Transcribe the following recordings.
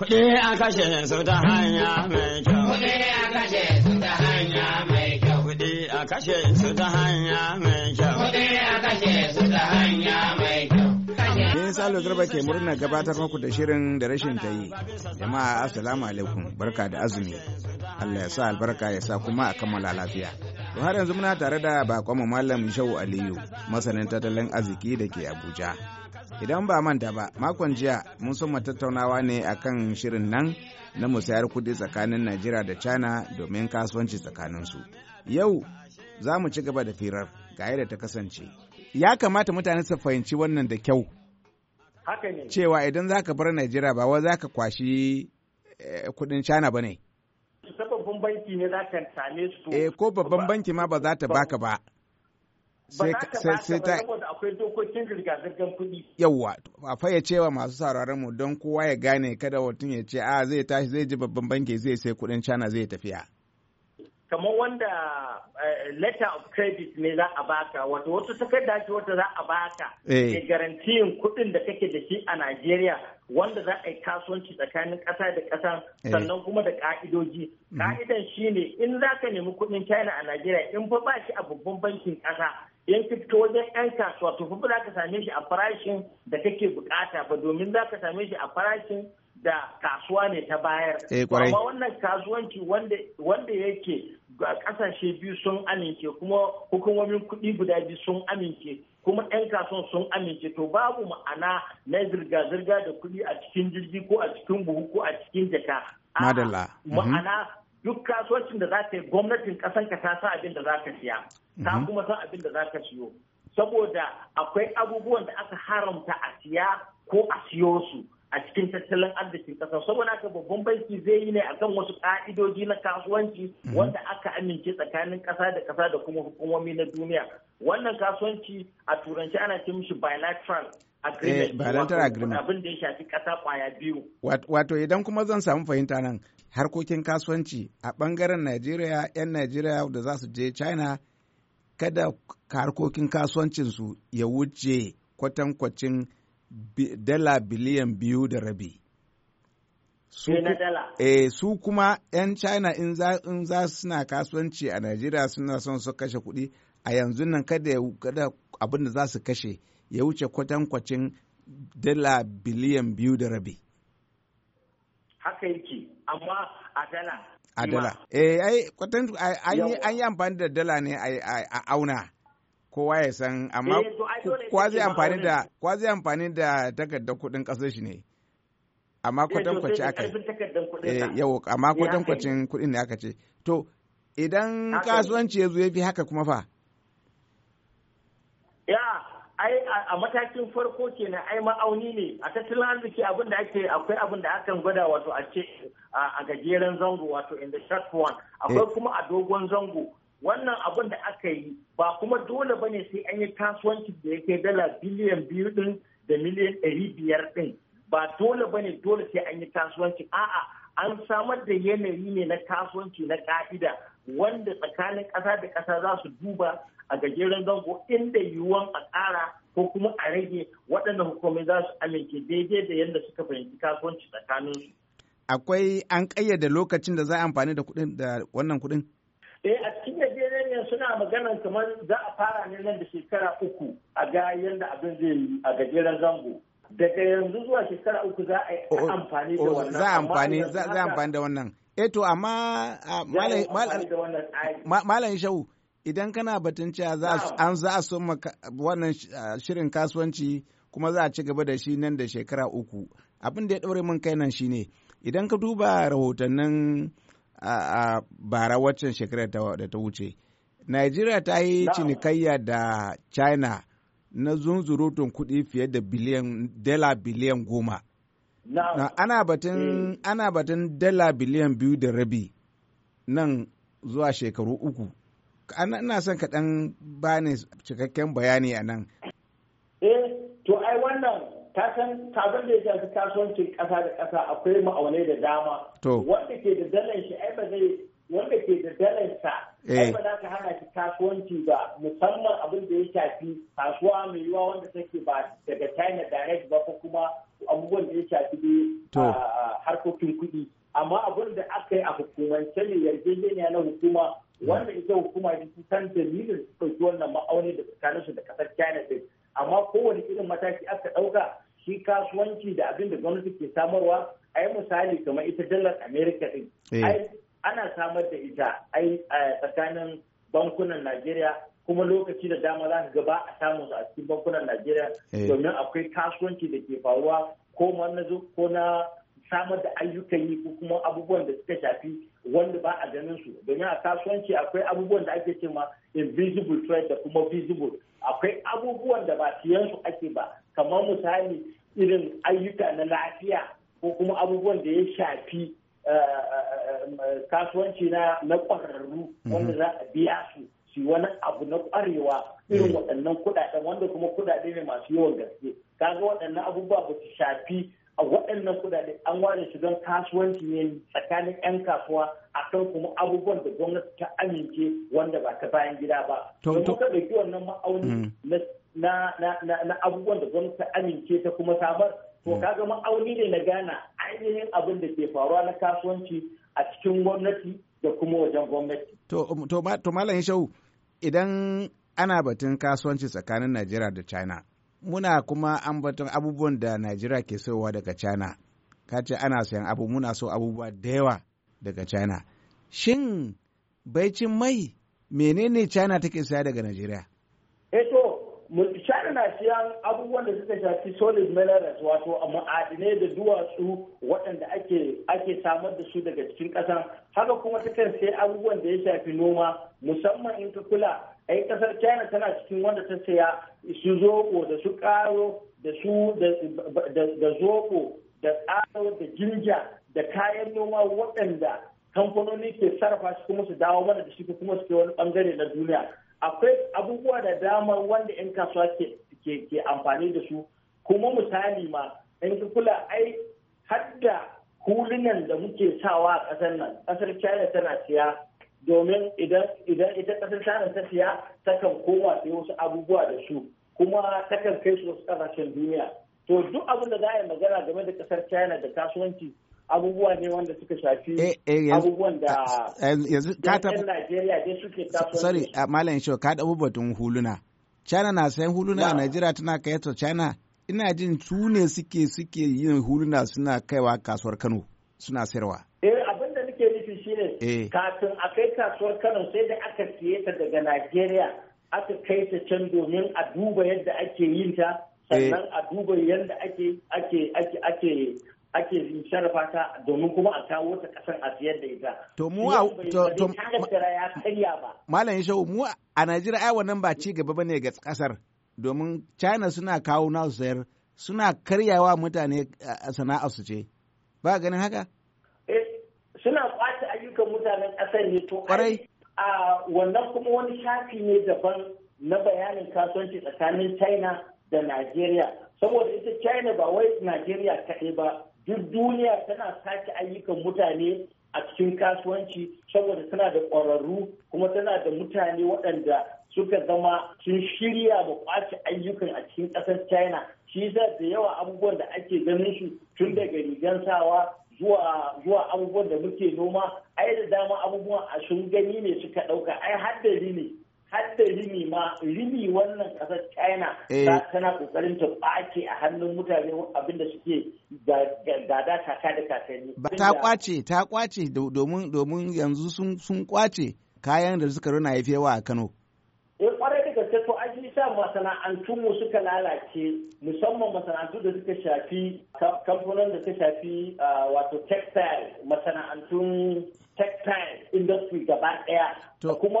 Kuɗi a kashe su ta hanya mai kyau. Kuɗi a kashe su ta hanya mai kyau. Kuɗi a kashe su ta hanya mai kyau. Kuɗi a kashe su ta hanya mai kyau. Ni Salo Garba ke murna gabatar muku da shirin da rashin ta yi. Jama'a Assalamu alaikum barka da azumi. Allah ya sa albarka ya sa kuma a kammala lafiya. To har yanzu muna tare da bakon Malam Shehu Aliyu, masanin tattalin arziki da ke Abuja. idan ba manta ba makon jiya mun soma tattaunawa ne akan shirin nan na musayar kudi tsakanin najeriya da china domin kasuwanci tsakaninsu yau za mu ci gaba da firar ga yadda ta kasance ya kamata mutane su fahimci wannan da kyau cewa idan za ka bar najeriya ba wa za ka kwashi eh, kudin china ba ne eh, ko babban banki ma ba za ta baka ba sai sai ta akwai dokokin zirga kuɗi yawa a fayyace wa masu sauraron mu don kowa ya gane kada mutum ya ce a zai tashi zai ji babban banki zai sai kuɗin China zai tafiya kamar wanda eh, letter of credit ne za a baka wato wata takarda ce wata za a baka da eh. garantiyin kuɗin da kake da shi a Najeriya wanda za a yi kasuwanci tsakanin ƙasa da kasa eh. sannan kuma da ƙa'idoji. ka'idan mm-hmm. shi ne in za ka nemi kuɗin China a Najeriya in fa ba shi a babban bankin ƙasa in fito wajen 'yan kasuwa to fa za ka same shi a farashin da kake bukata ba domin za ka same shi a farashin da kasuwa ne ta bayar. Eh, Amma wannan kasuwanci wanda yake ƙasashe biyu sun amince kuma hukumomin kuɗi guda biyu sun amince kuma 'yan kasuwan sun amince to babu ma'ana na zirga-zirga da kuɗi a cikin jirgi ko a cikin buhu ko a cikin jaka. Madalla. Mhm. Ma'ana duk kasuwancin da za ta yi gwamnatin ƙasan ka ta sa abin da za ka siya. Ta mhm. kuma san abin da za ka siyo. Saboda akwai abubuwan da aka haramta a siya ko a siyo su. a cikin tattalin arzikin ƙasa saboda haka babban banki zai yi ne akan wasu ka'idoji na kasuwanci mhm. wanda aka amince tsakanin kasa da kasa da kuma hukumomi na duniya wannan kasuwanci a turanci ana ce mishi bilateral agreement eh, abin da ya shafi kasa kwaya biyu wato idan kuma zan samu fahimta nan harkokin kasuwanci a bangaren najeriya 'yan najeriya da za su je china kada harkokin kasuwancinsu ya wuce kwatankwacin dala biliyan biyu da rabi. Su, e, su kuma 'yan China in za, in za suna kasuwanci a Najeriya suna son su kashe kuɗi a yanzu nan kada abin da za su kashe ya wuce kwatankwacin dala biliyan biyu da rabi. Haka yake, amma a dala. A dala. Eh, ai, an yi amfani da dala ne a auna. kowa ya san amma eh, kwazi amfani da amfani da takardar kuɗin ƙasar shi ne amma eh, kwatankwaci aka eh, yau amma kwatankwacin kuɗin ne aka ce to idan kasuwanci ya zo ya fi haka kuma fa ya ai a matakin farko kenan ai ma'auni ne a tattalin arziki abin da ake akwai abin da akan gwada wato a ce a gajeren zango wato in the short one akwai kuma a dogon zango wannan abin da aka yi ba kuma dole ba ne sai an yi kasuwanci da ya kai dala biliyan biyu din da miliyan ɗari biyar ɗin ba dole ba ne dole sai an yi kasuwanci a'a an samar da yanayi ne na kasuwanci na ka'ida wanda tsakanin ƙasa da ƙasa za su duba a gajeren zango inda yiwuwan a ƙara ko kuma a rage waɗanda hukumai za su amince daidai da yadda suka fahimci kasuwanci tsakaninsu. Akwai an ƙayyade lokacin da za a amfani da kuɗin da wannan kuɗin? eh a cikin yarjejeniyar suna magana kamar za a fara ne nan da shekara uku a ga yadda abin zai yi a gajeren zango daga yanzu zuwa shekara uku za a amfani da wannan za amfani za amfani da wannan eh to amma malam shau idan kana batun cewa an za a so wannan shirin kasuwanci kuma za a ci gaba da shi nan da shekara uku abin da ya ɗaure min kai nan shine idan ka duba rahotannin a bara waccan shekarar da ta wuce Najeriya ta yi cinikayya da China na zunzurutun kuɗi fiye da biliyan dala biliyan goma. Na, eh. ana batun dala biliyan biyu da rabi nan zuwa shekaru uku. Ina son kaɗan bani cikakken bayani a nan. Eh, to ai wannan kasan san da ya shafi kasuwancin ƙasa da kasa akwai ma'aunai da dama wanda ke da dalan shi ai ba zai wanda ke da dalan sa ai eh. ba za ka hana shi kasuwanci ba musamman abin da ya shafi kasuwa mai yiwuwa wanda take ba daga China direct ba ko kuma abubuwan da ya shafi dai ah, harkokin kuɗi amma abin da aka yi a hukumance ne yarjejeniya na hukuma wanda ita hukuma ta san dalilin su ɗauki wannan ma'auni da su da ƙasar China din amma kowane irin mataki aka ɗauka shi kasuwanci da abin da gwamnati ke samarwa ai misali kamar ita dalar america din eh. ana samar da ita ai tsakanin bankunan najeriya kuma lokaci da dama za ka gaba a samu su a cikin bankunan najeriya eh. domin akwai kasuwanci da ke faruwa ko na samar da ayyukan yi ko kuma abubuwan da suka shafi wanda ba a ganin su domin a kasuwanci akwai abubuwan da ake cewa invisible trade da kuma visible akwai abubuwan da ba siyan su ake ba kamar misali irin ayyuka na lafiya ko kuma abubuwan da ya shafi eh, eh, eh, kasuwanci na ƙwararru mhm. wanda za a biya su su wani abu na ƙwarewa irin mm. waɗannan kuɗaɗen wanda kuma kuɗaɗe ne masu yawan gaske kaga waɗannan abubuwa ba su shafi a waɗannan kuɗaɗe an ware shi don kasuwanci ne tsakanin 'yan kasuwa akan kuma abubuwan da gwamnati ta amince wanda ba ta bayan gida ba. Domin ka ɗauki wannan ma'auni mm. na na abubuwan da gwamnati ta amince ta kuma samar to hmm. kaga ma'auni ne na gana ainihin abin da ke faruwa na kasuwanci a cikin gwamnati da kuma wajen gwamnati. To um, Malam Shau idan ana batun kasuwanci tsakanin Najeriya da China muna kuma an batun abubuwan da Najeriya ke sayowa daga China ka ce ana sayan abu muna so abubuwa da yawa daga China shin baicin mai menene China take saya daga Najeriya? China na siyan abubuwan da suka shafi solid minerals wato a ma'adinai da duwatsu waɗanda ake samar da su daga cikin ƙasa haka kuma takan sai abubuwan da ya shafi noma musamman in ka kula ai ƙasar China tana cikin wanda ta saya su zoɓo da su ƙaro da su da zoɓo da ƙaro da jinja da kayan noma waɗanda kamfanoni ke sarrafa su kuma su dawo mana da shi kuma su ke wani ɓangare na duniya akwai abubuwa da dama wanda 'yan kasuwa ke amfani da su kuma misali ma in ka kula ai hadda hulunan da muke sawa a ƙasar nan ƙasar china tana siya domin idan ita ƙasar china ta siya takan koma sai wasu abubuwa da su kuma takan kai su wasu ƙasashen duniya to duk abin da za a yi magana game da ƙasar china da kasuwanci abubuwa ne wanda suka shafi eh, eh, abubuwan da yan Najeriya dai suke tasowa. Sorry, Malam Shau, ka ɗabu batun huluna. China na sayan huluna a Najeriya tana kai ta China. Ina jin su ne suke suke yin huluna suna kaiwa kasuwar Kano suna sayarwa. Eh abin da nake nufi ne eh. kafin a kai kasuwar Kano sai da aka siye ta daga Najeriya aka kai ta can domin a duba yadda ake yin ta sannan a duba yadda ake ake ake ake ake sharafa ta domin kuma a kawo ta kasan a siyar da ita. To mu a to ya karya ba. Malam Shehu mu a Najeriya ai wannan ba ci gaba bane ga kasar domin China suna kawo nasu sayar suna karyawa mutane sana'ar su ce. Ba ganin haka? Eh, suna kwace ayyukan mutanen kasar ne to kwarai a wannan kuma wani shafi ne daban na bayanin kasuwanci tsakanin China da Najeriya saboda ita China ba wai Najeriya kaɗai ba duk duniya tana sake ayyukan mutane a cikin kasuwanci saboda tana da ƙwararru kuma tana da mutane waɗanda suka zama sun shirya da kwace ayyukan a cikin ƙasar china shi yasa da yawa abubuwan da ake ganin su tun daga rigan sawa zuwa abubuwan da muke noma ai da dama abubuwan a sun gani ne suka ɗauka ai har da ne har da rini ma rini wannan ƙasar china eh. tana kokarin ta ɓace a hannun mutane abinda suke Ba ta kwace ta kwace domin yanzu sun sun kwace kayan da suka runa ya yawa a Kano. Eh kwarai da gaske to an sa masana'antunmu mu suka lalace musamman masana'antu da suka shafi kamfanin da suka shafi wato textile masana'antun textile industry gaba daya. To kuma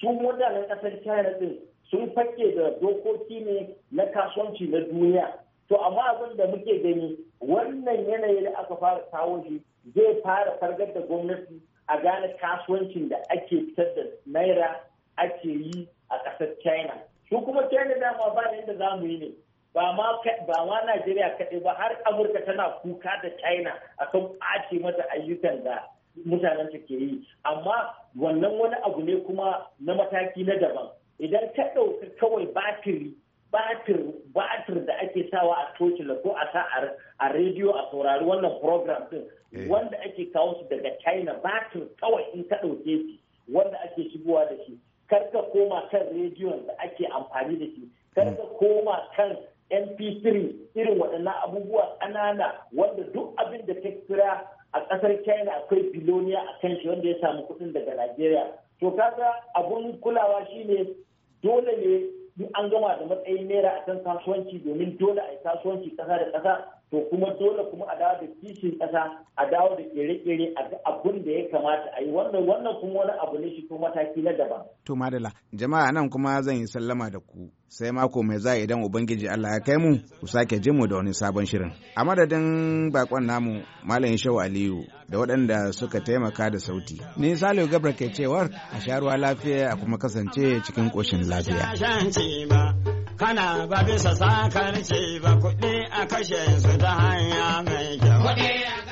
su mutanen kasar China din sun fake da dokoki ne na kasuwanci na duniya to amma abin da muke gani wannan yanayi da aka fara kawo shi zai fara fargar da gwamnati a gane kasuwancin da ake fitar da naira ake yi a ƙasar china su kuma china ma ba yadda za mu yi ne ba ma najeriya kaɗai ba har amurka tana kuka da china akan ɓace mata ayyukan da mutanen ke yi amma wannan wani abu ne kuma na mataki na daban idan ka ɗauka kawai batiri batir da ake sawa a tocila ko a sa a rediyo a saurari wannan program din eh. wanda ake kawo su daga china batir kawai in ka ɗauke shi wanda ake shigowa da shi kar ka koma kan rediyon da ake amfani da shi karka koma kan mp3 irin waɗannan abubuwa ƙanana wanda duk abin da ta kira a ƙasar china akwai biloniya a kan shi wanda ya samu kuɗin daga nigeria to kaga abun kulawa shine dole ne duk an gama da matsayin naira a kan kasuwanci domin dole a yi kasuwanci ƙasa da ƙasa to kuma dole kuma a dawo da kishin kasa a dawo da kere-kere a ga abin da ya kamata a yi wannan wannan kuma wani abu ne shi ko mataki na daban. To madala jama'a nan kuma zan yi sallama da ku sai mako mai za idan ubangiji Allah ya kai mu ku sake jin mu da wani sabon shirin. A madadin bakon namu Malam Shehu Aliyu da waɗanda suka taimaka da sauti. Ni Salihu Gabra ke cewar a sha ruwa lafiya a kuma kasance cikin koshin lafiya. kana ba bisa sakarci ba kuɗi a kashe su ta hanya mai kyau.